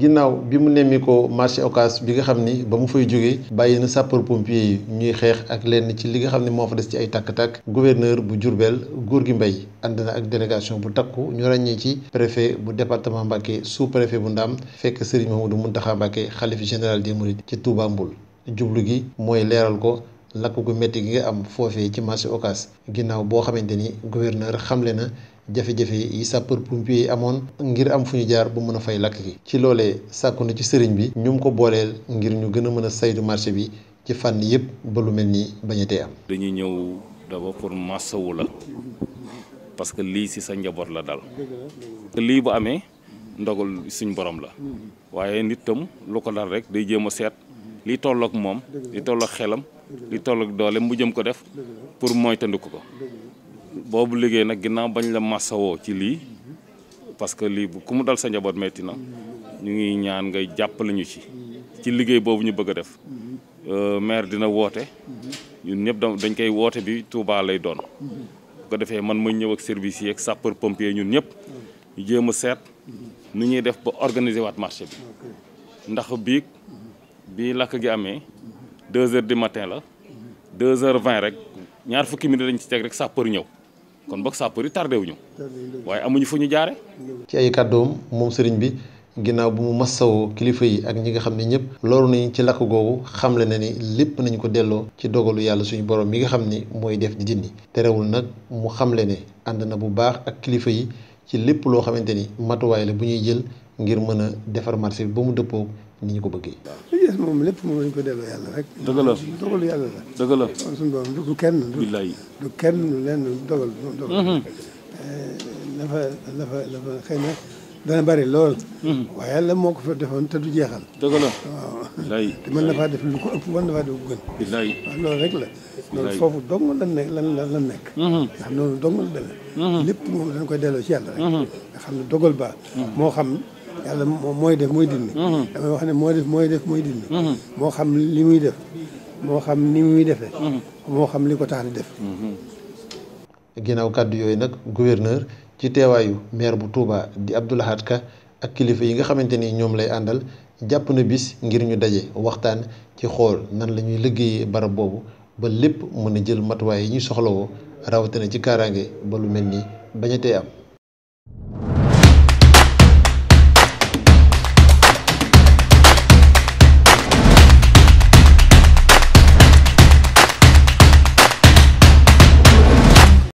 ginnaaw bi mu nemmi ko marché Ocass bi nga xam ni ba mu fay jógee bàyyi na sapeur pompier yi ñuy xeex ak lenn ci li nga xam ne moo fa des ci ay takk tàkk gouverneur bu Diourbel Gorgui Mbaye ànd na ak délégation bu takku ñu ràññee ci préfet bu département Mbacké sous préfet bu Ndam fekk Serigne Mamadou Mountakha Mbacké xalif général des Mourides ca Touba Mboul jublu gi mooy leeral ko lakk gu métti gi nga am foofee ci marché Ocass ginnaaw boo xamante ni gouverneur xamle na jafe-jafe yi sapeur pompier yi amoon ngir am fu ñu jaar bu mën a fay lakk gi. ci loolee sàkku na ci sëriñ bi ñu ko booleel ngir ñu gën a mën a saytu marché bi ci fànn yëpp balu lu mel ni bañatee am. dañuy ñëw d'abord pour masawu la parce que lii si sa njaboot la dal. lii bu amee ndogal suñ borom la. waaye nit tam lu ko dal rek day jéem a seet. li tolloog moom li tolloog xelam li tolloog doole mu jëm ko def pour moytandiku ko boobu liggéey nag ginnaaw bañ la masawoo ci lii parce que lii bu ku mu dal sa njaboot metti na ñu ngi ñaan ngay jàppale ñu ci ci liggéey boobu ñu bëgg a def euh, maire dina woote ñun ñëpp dañ koy woote bi Touba lay doon bu ko defee man ma ñëw ak service yi ak sapeur pompier ñun ñëpp ñu jéem a seet nu ñuy def ba organiser waat marché bi ndax biig bi lakk gi amee deux heures du matin la deux heures vingt rek ñaar fukki minutes lañ ci rek sapeur ñëw kon boog sapeur yi tardé wuñu waaye amuñu fu ñu jaare ci ay kàddoom moom sëriñ bi ginnaaw bu mu massawoo kilifa yi ak ñi nga xam ne ñëpp loru nañ ci lakk googu xamle na ni lépp nañu ko delloo ci dogalu yàlla suñu borom mi nga xam ni mooy def di dindi terewul nag mu xamle ne ànd na bu baax ak kilifa yi ci lépp loo xamante ni matuwaay la bu ñuy jël ngir mën a defar marché bi ba mu ni ñu ko bëggee. waaw moom lépp moom lañ ko delloo yàlla rek. dëgg la dogalu yàlla la. dëgg la kon du kenn. billaay kenn du lenn dogal mhm. eh, dogal. dafa dafa xëy na dana bari lool. Mhm. waaye yàlla moo ko fa defoon te du jeexal. dëgg la waaw. mën na faa def lu ko ëpp wan na faa def lu gën. billaay loolu rek la. loolu foofu dong lan ne lan lan nekk. Mhm. ndax noonu dong la demee. lépp moom dañ ko delloo ci yàlla rek. nga xam ne dogal ba moo xam. yàlla mooy mooy dindi. Mm-hmm. damay mooy def mooy def mooy dindi. Mm-hmm. moo xam li muy def moo xam ni muy defee. Mm-hmm. moo xam li ko tax di def. ginnaaw kàddu yooyu nag gouverneur ci teewaayu maire bu Touba di Abdou ak kilifa yi nga xamante ni ñoom lay àndal jàpp na bis ngir ñu daje waxtaan ci xool nan la ñuy liggéeyee barab boobu ba lépp mën a jël matuwaay yi ñu soxlawoo rawatina ci kaaraange ba lu mel ni bañ a tee am.